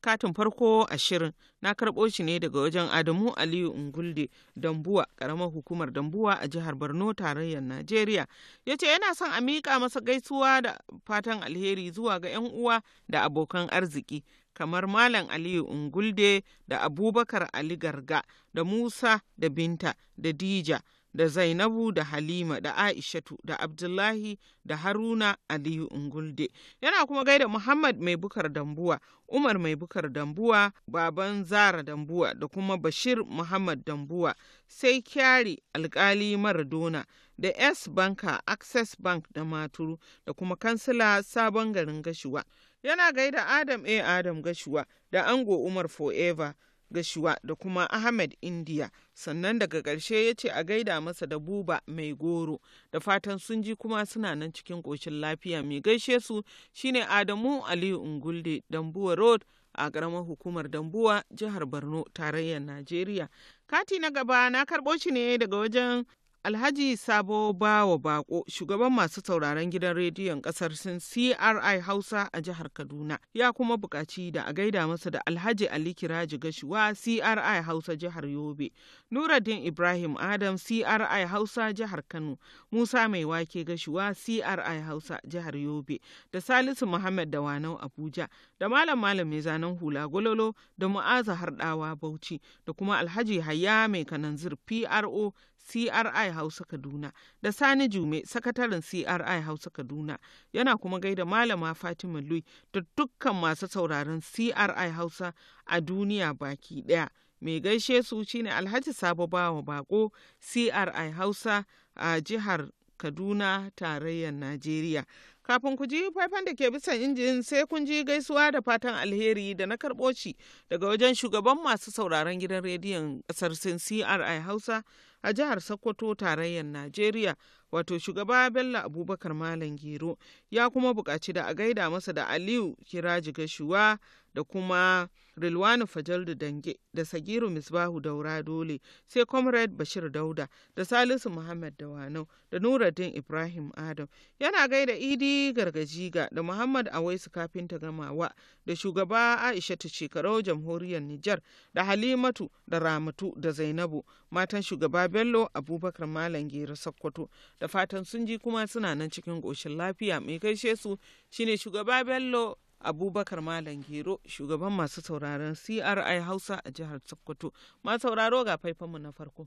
katin farko ashirin na karɓo shi ne daga wajen adamu aliyu ungulde dambuwa ƙaramar hukumar dambuwa a jihar borno tarayyar najeriya ya ce yana son a miƙa masa gaisuwa da fatan alheri zuwa ga 'yan uwa da abokan arziki kamar malam aliyu ungulde da abubakar ali garga da musa da binta da dija da Zainabu da Halima da Aishatu da Abdullahi da Haruna Aliyu Ungulde. Yana kuma gaida Muhammad Mai Bukar Dambuwa, Umar Mai Bukar Dambuwa, Baban Zara Dambuwa da kuma Bashir Muhammad Dambuwa, sai Kyari Alkali Maradona da S Banka Access Bank da Maturu da kuma Kansila Sabon Garin Gashuwa. Yana gaida Adam A. Adam Gashuwa da Ango Umar Forever. gashuwa da kuma ahmed india sannan daga ƙarshe ya ce a gaida masa da buba mai goro da fatan sun ji kuma suna nan cikin ƙoshin lafiya mai gaishe su shine adamu aliyu ungulde dambuwa road a ƙaramar hukumar dambuwa jihar borno tarayyar najeriya kati na gaba na karɓo shi ne daga wajen Alhaji Sabo Bawa Bako, shugaban masu sauraron gidan rediyon kasar Sin CRI Hausa a jihar Kaduna, ya kuma buƙaci da a gaida masa da Alhaji Ali Kiraji Gashuwa CRI Hausa jihar Yobe, Nuradin Ibrahim Adam CRI Hausa jihar Kano, Musa Mai Wake Gashuwa CRI Hausa jihar Yobe, da Salisu Muhammad Dawanau Abuja, da Malam Malam Mai zanen hula Gololo, da Mu'aza Harɗawa Bauchi, da kuma Alhaji Hayya Mai Kananzir PRO CRI Hausa Kaduna da Sani Jume sakataren CRI Hausa Kaduna yana kuma gaida Malama Fatima Lui da dukkan masu sauraron CRI Hausa a duniya baki ɗaya. Mai gaishe su shine Alhaji Sabo Bawa Bako CRI Hausa a jihar Kaduna tarayyar Najeriya. Kafin ku ji faifan da ke bisan injin sai kun ji gaisuwa da fatan alheri da na karɓo shi daga wajen shugaban masu sauraron gidan rediyon ƙasar sin CRI Hausa a jihar Sokoto tarayyar Najeriya wato shugaba Bello Abubakar Malam Gero ya kuma buƙaci da a gaida masa da Aliyu Kiraji Gashuwa da kuma Rilwanu Fajaldu Dange da Sagiru Misbahu Daura Dole sai Comrade Bashir Dauda da Salisu Muhammad Dawanau da Nuruddin Ibrahim Adam yana gaida Idi Gargajiga da Muhammad Awaisu Kafinta Gamawa da shugaba Aishatu Shekarau Jamhuriyar Nijar da Halimatu da Ramatu da Zainabu matan shugaba Bello Abubakar Malam Gera Sokoto da fatan sun ji kuma suna nan cikin ƙoshin lafiya mai gaishe su shine shugaba Bello abubakar malam gero shugaban masu sauraron cri hausa a jihar sokoto ma sauraro ga faifanmu na farko.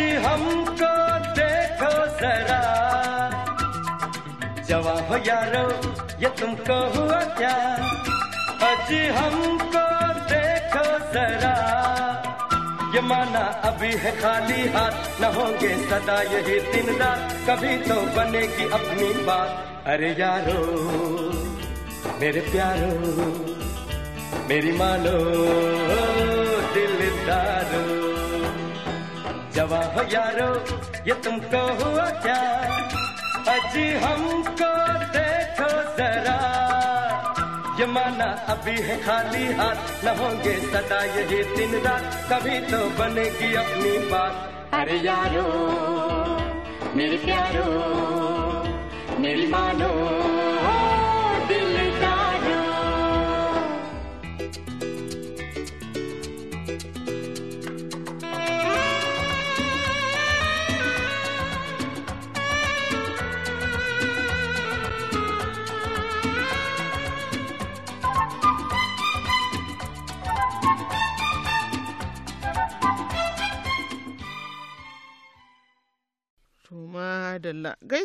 जी हमको देखो जरा जवा हो यारो ये तुमको हुआ क्या अजी हमको देखो जरा ये माना अभी है खाली हाथ न होंगे सदा यही दिन रात कभी तो बनेगी अपनी बात अरे यारो मेरे प्यारो मेरी मानो दिलदारो जवा हो यारो ये तुमको हुआ क्या अजी हमको देखो जरा ये माना अभी है खाली हाथ न होंगे सदा यही दिन रात कभी तो बनेगी अपनी बात अरे यारो मेरे प्यारो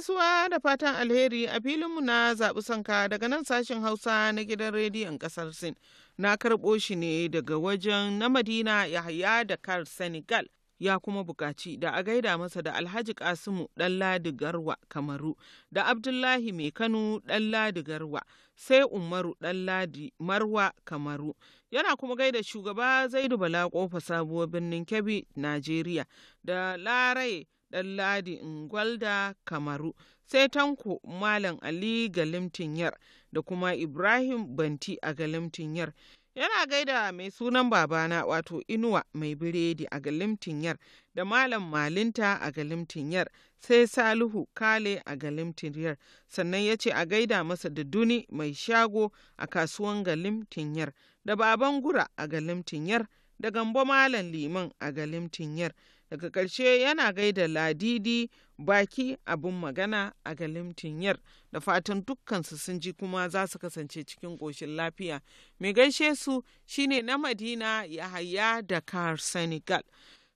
gaisuwa da fatan alheri a filinmu na zaɓi sanka daga nan sashen Hausa na gidan rediyon ƙasar Sin. Na karɓo shi ne daga wajen na Madina Yahaya da Kar Senegal. Ya kuma buƙaci da a gaida masa da Alhaji Kasimu ɗan ladigarwa Garwa Kamaru da Abdullahi Mai Kano ɗan ladigarwa Garwa sai Umaru ɗan Ladi Marwa Kamaru. yana kuma gaida shugaba zaidu bala kofa sabuwar birnin kebbi najeriya da larai Ɗanladi Ngwalda Kamaru, sai Tanko Malam Ali Galimtin Yar da kuma Ibrahim Banti a Galimtin Yar. Yana gaida mai sunan babana wato Inuwa mai biredi a Galimtin Yar da Malam Malinta a Galimtin Yar sai Salihu Kale a Galimtin Yar sannan ya ce a gaida masa da Duni mai shago a kasuwan Galimtin Yar da Baban Gura a Galimtin Yar da Gambo Malam Liman a Galimtin Yar. daga ƙarshe yana gaida ladidi baki abin magana a galimtin yar da fatan dukkansu sun ji kuma za su kasance cikin ƙoshin lafiya mai gaishe su shine na madina yahaya da kar senegal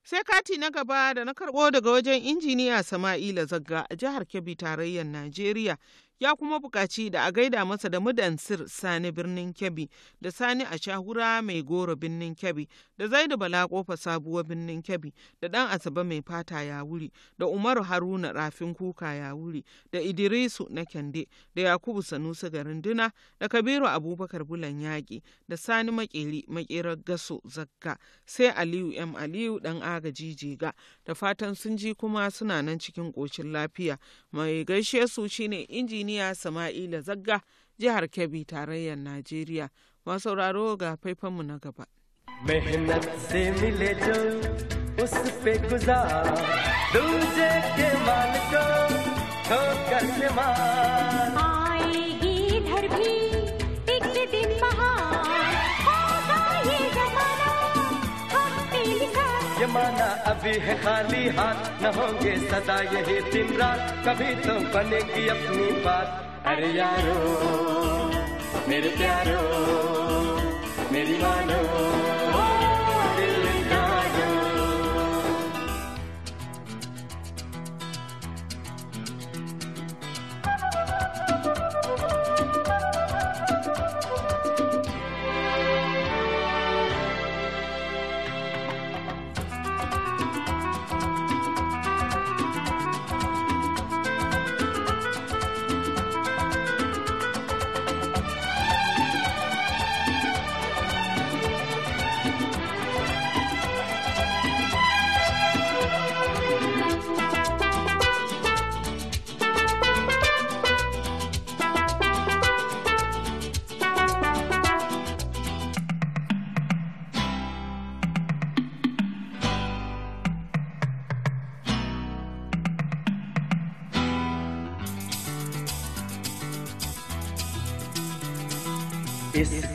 sai kati na gaba da na karɓo daga wajen injiniya sama'ila zagga a jihar kebbi tarayyar najeriya ya kuma buƙaci da a gaida masa da mudansir sani birnin kebbi da sani a shahura mai goro birnin kebbi da zaidu bala kofa sabuwa birnin kebbi da dan asaba mai fata ya wuri da umaru haruna rafin kuka ya wuri da idirisu na kyande da yakubu sanusi garin duna da kabiru abubakar bulan yaƙi da sani makeri makerar gaso zakka sai aliyu m aliyu dan agaji jega da fatan sun ji kuma suna nan cikin ƙoshin lafiya mai gaishe su shine injini duniya Sama'ila Zagga jihar Kebbi tarayyar Najeriya. masauraro ga faifanmu na gaba. मेहनत से मिले जो उस पे गुजार दूसरे के ko ठोकर से काफी है खाली हाथ न होंगे सदा यही दिन रात कभी तो बनेगी अपनी बात अरे यारो मेरे प्यारो मेरी मानो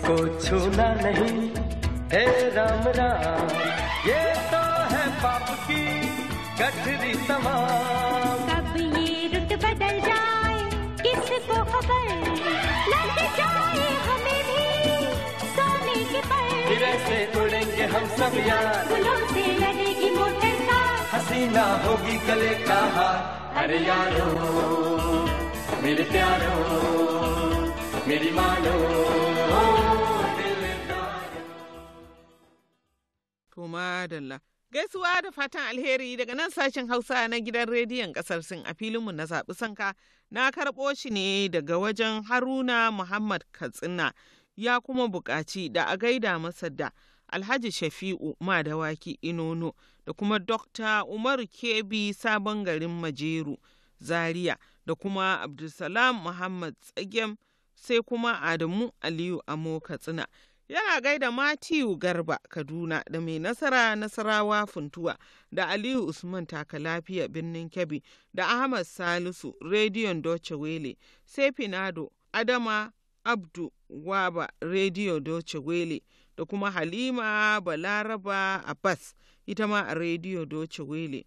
को छूना नहीं हे राम राम ये तो है पाप की कठरी तमाम कब ये रुत बदल जाए किसको खबर लग जाए हमें भी सोने के उड़ेंगे हम सब यार से लड़ेगी मोटर का हसीना होगी गले का हार अरे यारो मेरे प्यारो मेरी मानो To madalla. Gaisuwa da fatan alheri daga nan sashen Hausa na gidan rediyon kasar Sin a filinmu na zaɓi sanka na karɓo shi ne daga wajen Haruna Muhammad Katsina ya kuma buƙaci da a gaida masa da Alhaji Shafi'u Madawaki Inono da kuma Dokta Umaru Kebi Sabon Garin Majeru Zaria da kuma Abdulsalam Muhammad Tsagem sai kuma Adamu Aliyu Amo Katsina. yana gaida Matiu Garba Kaduna da mai nasara Nasarawa Funtuwa da Aliyu Usman taka lafiya Birnin Kebbi da Ahmad Salisu Rediyon Doce Wele sai Finado Adama Abdu Waba Rediyo Doce Wele da kuma Halima Balaraba Abbas ita ma a Rediyo Doce Wele.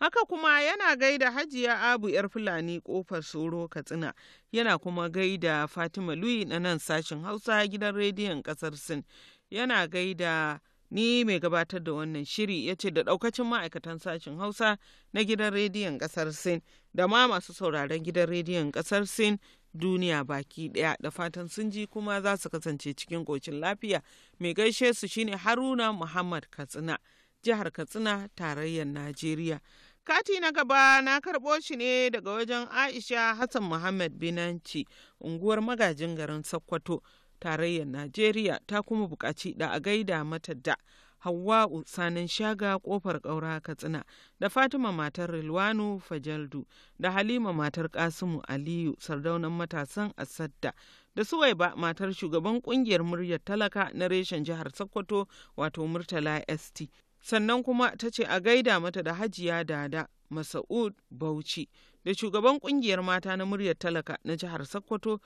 Haka kuma yana gaida Hajiya Abu 'yar Fulani kofar Soro Katsina yana kuma gaida Fatima Lui na nan sashin Hausa gidan rediyon kasar Sin yana gaida ni mai gabatar da wannan shiri ya ce da daukacin ma'aikatan sashin Hausa na gidan rediyon kasar Sin da ma masu sauraron gidan rediyon kasar Sin duniya baki daya da fatan sun ji kuma za su kasance cikin ƙocin lafiya mai gaishe su shine Haruna Muhammad Katsina jihar Katsina tarayyar Najeriya. Kati na gaba na karɓo shi ne daga wajen Aisha Hassan Muhammad Binanci, unguwar magajin garin Sokoto, tarayyar Najeriya ta kuma buƙaci da a gaida mata da Hawwa'u Sanin Shaga kofar ƙaura Katsina da Fatima matar Rilwanu Fajaldu da Halima matar Kasimu Aliyu sardaunan matasan Asadda da Suwaiba matar shugaban ƙungiyar muryar talaka na reshen jihar Sokoto wato Murtala ST sannan kuma ta ce a gaida mata da hajiya dada masa'ud bauchi da shugaban kungiyar mata na muryar talaka na jihar sokoto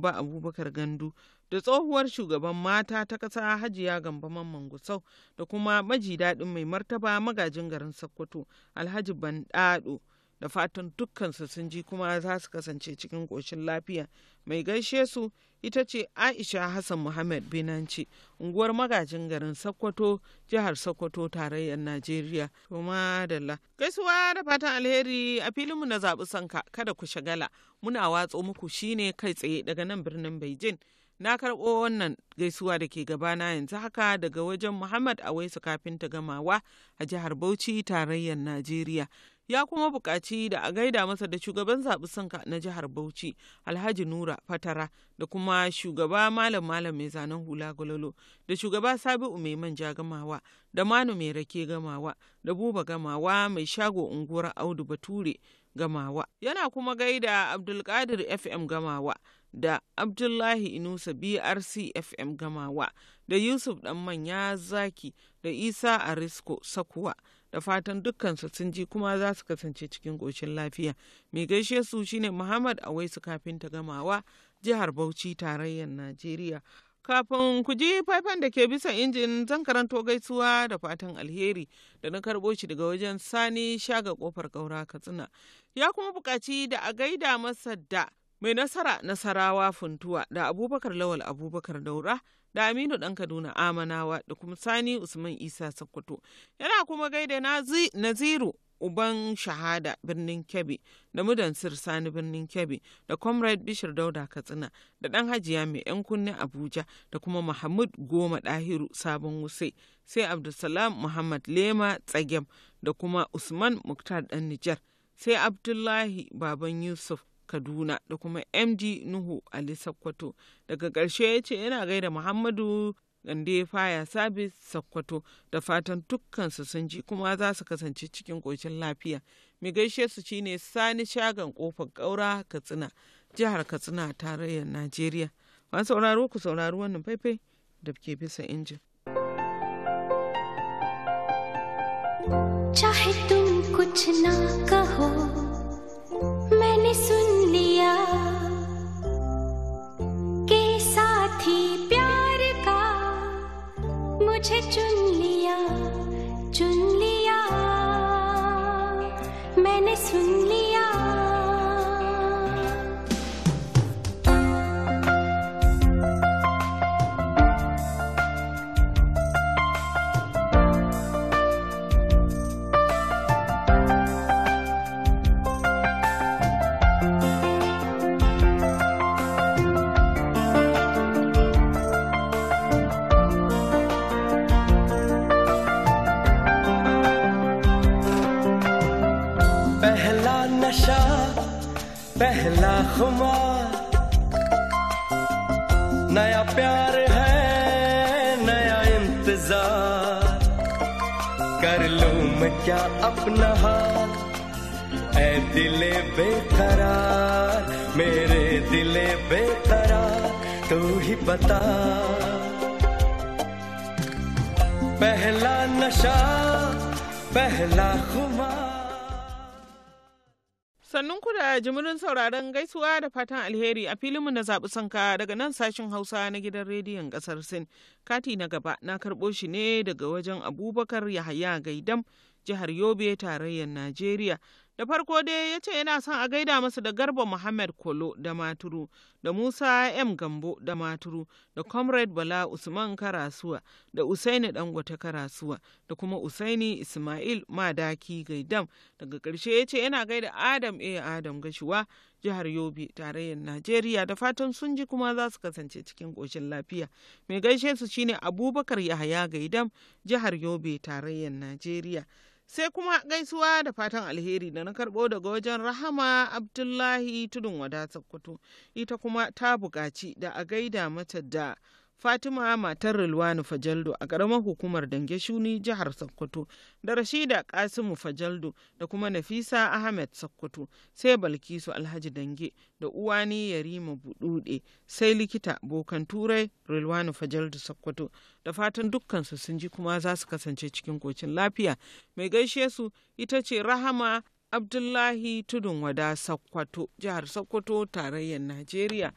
ba abubakar gandu da tsohuwar shugaban mata ta ƙasa hajiya gamba mamman gusau da kuma maji daɗin mai martaba magajin garin sokoto alhaji ban da fatan dukkansu sun ji kuma za su kasance cikin ƙoshin lafiya mai gaishe su ita ce aisha hassan muhammad binanci unguwar magajin garin sokoto jihar sokoto tarayyar najeriya kuma dalla gaisuwa da fatan alheri a filinmu na zaɓi sanka kada ku shagala muna watso muku shine kai tsaye daga nan birnin beijing na karɓo wannan gaisuwa da ke gabana yanzu haka daga wajen muhammad awaisu kafin ta gamawa a jihar bauchi tarayyar najeriya ya kuma buƙaci da a gaida masa da shugaban zaɓi sanka na jihar Bauchi Alhaji Nura Fatara da kuma shugaba Malam Malam mai zanen hula gololo da shugaba Sabi'u mai manja gamawa da Manu mai rake gamawa da Buba gamawa mai shago unguwar Audu Bature gamawa yana kuma gaida Abdulkadir FM gamawa da Abdullahi Inusa BRC FM gamawa da Yusuf manya Zaki da isa a risko sakuwa da fatan dukkansu sun ji kuma za su kasance cikin ƙoshin lafiya mai gaishe su shine muhammad awaisu kafin ta gamawa jihar bauchi tarayyar najeriya kafin ku ji faifan da ke bisa injin zan karanto gaisuwa da fatan alheri da na karbo shi daga wajen sani shaga kofar kaura katsina ya kuma buƙaci da a gaida masa da mai nasara nasarawa funtuwa da abubakar lawal abubakar daura da Aminu ɗan Kaduna Amanawa da kuma Sani Usman Isa Sokoto. Yana kuma gaida Naziru Uban Shahada birnin Kebbi da Mudansir Sani birnin Kebbi da Comrade Bishir Dauda Katsina da ɗan Hajiya mai 'yan kunne Abuja da kuma Muhammad Goma Dahiru Sabon Wuse sai Abdulsalam Muhammad Lema Tsagem da kuma Usman Muktar ɗan Nijar sai Abdullahi Baban Yusuf Kaduna da kuma MD Nuhu Ali Sakkwato. Daga ƙarshe ya ce yana gaida Muhammadu Gande Faya Sabis Sakkwato da fatan dukkansu sun ji kuma za su kasance cikin ƙoshin lafiya. Mai gaishe su shine Sani Shagan Ƙofar Ƙaura Katsina, jihar Katsina tarayyar Najeriya. Wani sauraro ku saurari wannan faifai da ke bisa injin. चाहे तुम कुछ ना कहो मैंने 却尽力呀，尽。क्या अपना हाल ऐ दिले बेकरार मेरे दिले बेकरार तू ही बता पहला नशा पहला खुमार Sannun ku da jimirin sauraron gaisuwa da fatan alheri a filinmu na zaɓi sanka daga nan sashen Hausa na gidan rediyon ƙasar Sin. Kati na gaba na karɓo shi ne daga wajen Abubakar Yahaya Gaidam jihar Yobe tarayyar Najeriya. Da farko dai ya ce yana son a gaida masu da Garba Muhammad Kolo da Maturu, da Musa M. Gambo da Maturu, da Comrade Bala Usman Karasuwa, da Usaini Dangote Karasuwa, da kuma Usaini Ismail Madaki Gaidam. Daga ƙarshe ya ce yana gaida Adam A. Adam Gashuwa, jihar Yobe, tarayyar Najeriya, da fatan sun ji kuma za su kasance cikin ƙoshin lafiya. Mai gaishe su shine Abubakar Yahaya Gaidam, jihar Yobe, tarayyar Najeriya. sai kuma gaisuwa da fatan alheri da na karbo daga wajen rahama abdullahi tudun wada sakkwato ita kuma ta buƙaci da a gaida mata da Fatima matar Rilwanu Fajaldo a ƙaramar hukumar Dange Shuni jihar Sokoto da Rashida Kasimu Fajaldo da kuma Nafisa Ahmed Sokoto sai Balkisu Alhaji Dange da Uwani Yarima Budude sai likita Bokan Turai Rilwanu Fajaldo Sokoto da fatan dukkansu sun ji kuma za su kasance cikin kocin lafiya mai gaishe su ita ce Rahama Abdullahi Tudun Wada Sokoto jihar Sokoto tarayyar Najeriya.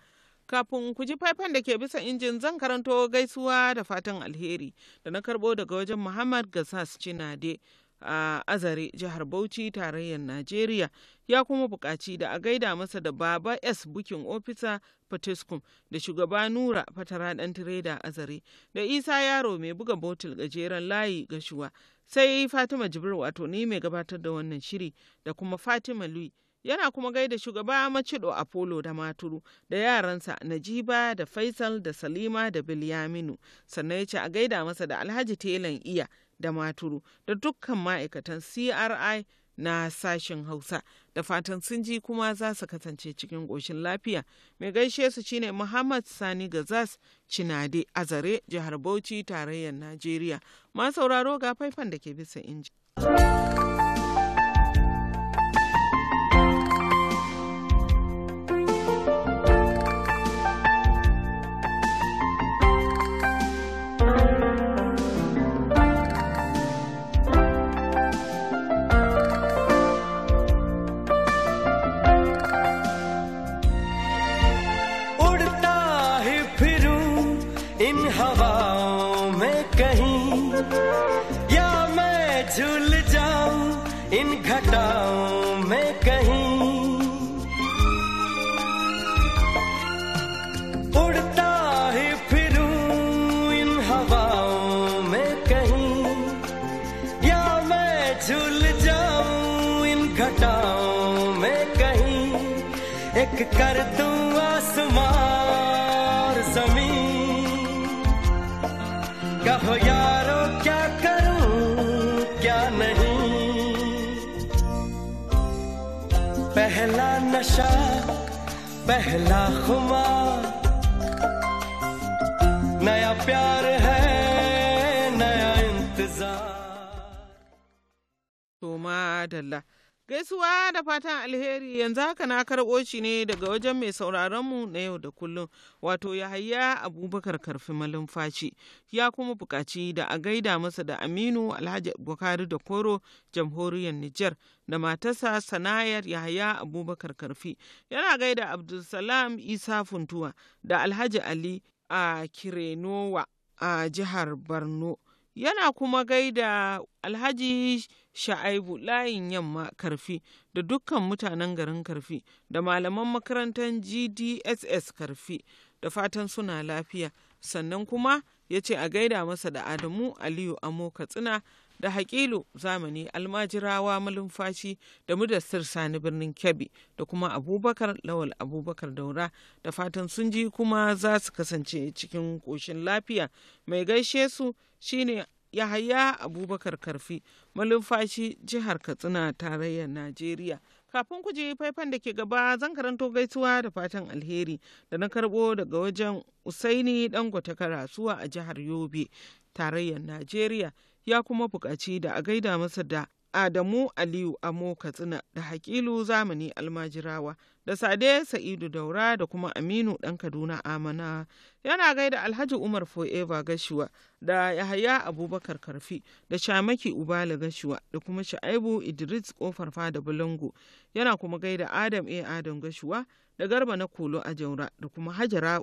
Kafin ku ji faifan da ke bisa injin zan karanto gaisuwa da fatan alheri da na karbo daga wajen Muhammad Gassas Cinade a Azare jihar Bauchi tarayyar Najeriya ya kuma bukaci da a gaida masa da Baba S bukin ofisa Fatiskum da shugaba Nura fatara dan tireda Azare da Isa Yaro mai buga botul gajeren layi gashuwa sai Fatima Jibril wato ni mai gabatar da wannan shiri da kuma Fatima louis yana kuma gaida shugaba macido apollo da maturu da yaransa najiba da faisal da salima da bilyaminu sannan ya ce a gaida masa da alhaji telan iya da maturu da dukkan ma'aikatan cri na sashen hausa da fatan sun ji kuma za su kasance cikin ƙoshin lafiya mai gaishe su shine muhammad sani gazas cinade azare jihar bauchi tarayyar najeriya ma sauraro ga faifan da ke bisa inji. पहला नशा पहला खुमार नया प्यार है नया इंतजार तो माडल्ला Gaisuwa da fatan alheri yanzu haka na karɓo shi ne daga wajen mai sauraronmu na yau da kullum wato Yahaya Abubakar Karfi Malumfashi ya kuma buƙaci da a gaida masa da Aminu Alhaji Bukari da Koro jamhuriyar Nijar da matasa Sanayar Yahaya Abubakar Karfi yana gaida Abdulsalam Isa Funtuwa da Alhaji Ali a Kirenowa a jihar Borno. yana kuma gaida alhaji sha'aibu layin yamma karfi da dukkan mutanen garin karfi da malaman makarantar gdss karfi da fatan suna lafiya sannan kuma ya ce a gaida masa da adamu aliyu amo katsina da hakilu zamani almajirawa malumfashi da mudassir sani birnin kebbi da kuma abubakar lawal abubakar daura da fatan sun ji kuma za su kasance cikin koshin lafiya mai gaishe su shine Yahaya Abubakar Karfi, malumfashi jihar Katsina tarayyar Najeriya. Kafin ku ji faifan da ke gaba zan karanto gaisuwa da fatan alheri da na karbo daga wajen Usaini Dangote Karasuwa a jihar Yobe, tarayyar Najeriya ya kuma buƙaci da a gaida masa da Adamu Aliyu Amo Katsina da Hakilu Zamani Almajirawa da Sade Sa'idu Daura da kuma Aminu Ɗan Kaduna Amana yana gaida Alhaji Umar foeva Gashuwa da Yahaya Abubakar Karfi da Shamaki Ubala Gashua da kuma Sha'aibu Idris Kofar Fada bulungu yana kuma gaida Adam A. Adam Gashuwa da Garba na Kolo a Jaura da kuma Hajara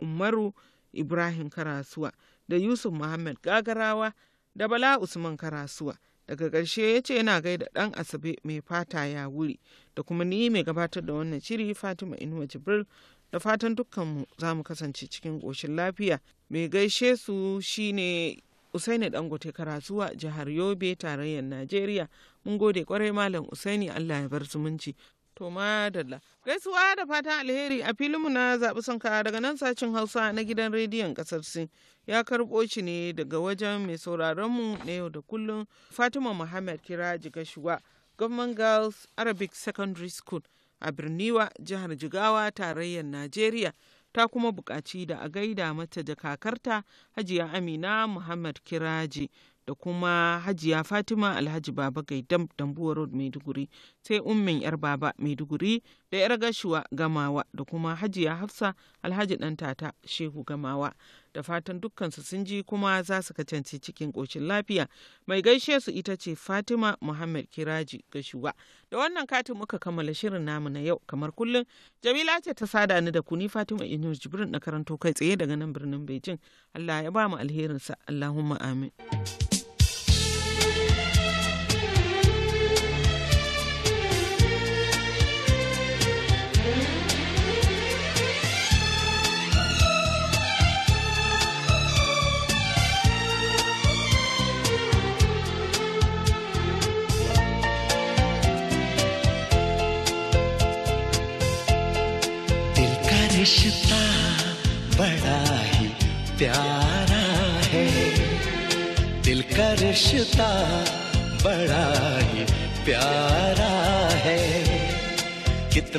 Umaru Ibrahim Karasuwa da Yusuf Muhammad Gagarawa da Bala Usman Karasuwa. daga ƙarshe ya ce yana gaida ɗan asabe mai fata ya wuri da kuma ni mai gabatar da wannan shiri fatima inuwa jibril da fatan dukkanmu za mu kasance cikin ƙoshin lafiya mai gaishe su shine usaini dangote karasuwa jihar yobe tarayyar najeriya mun gode kwarai malam usaini allah ya bar zumunci To madalla. Gaisuwa da fatan alheri a filinmu na zaɓi sanka daga nan sashen Hausa na gidan rediyon ƙasar Sin. Ya karɓo shi ne daga wajen mai sauraronmu na yau da kullum Fatima Muhammad Kira Jigashuwa, Government Girls Arabic Secondary School a Birniwa, jihar Jigawa, tarayyar Najeriya. Ta kuma buƙaci da a gaida mata da kakarta Hajiya Amina Muhammad Kiraji da kuma hajiya fatima alhaji baba gaidam dambuwa road maiduguri sai ummin yar baba maiduguri da yar gashuwa gamawa da kuma hajiya hafsa alhaji dan tata shehu gamawa da fatan dukkansu sun ji kuma za su kacance cikin ƙoshin lafiya mai gaishe su ita ce fatima muhammad kiraji gashuwa da wannan katin muka kammala shirin namu na yau kamar kullum jamila ce ta sada ni da ku ni fatima inu jibrin na karanto kai tsaye daga nan birnin beijing allah ya ba mu alherinsa allahumma amin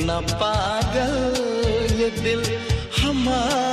इतना पागल ये दिल हमारा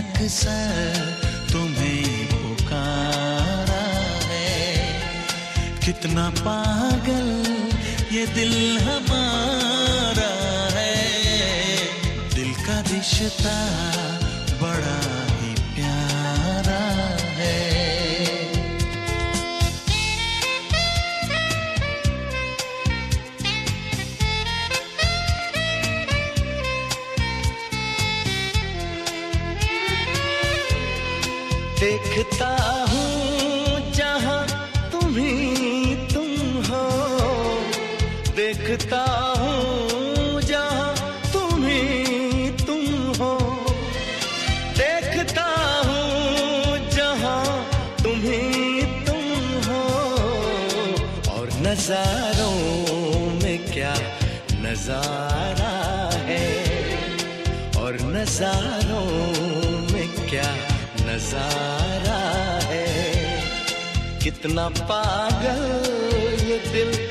अक्सर तुम्हें पुकारा है कितना पागल ये दिल हमारा है दिल का रिश्ता बड़ा नजारों में क्या नजारा है और नजारों में क्या नजारा है कितना पागल ये दिल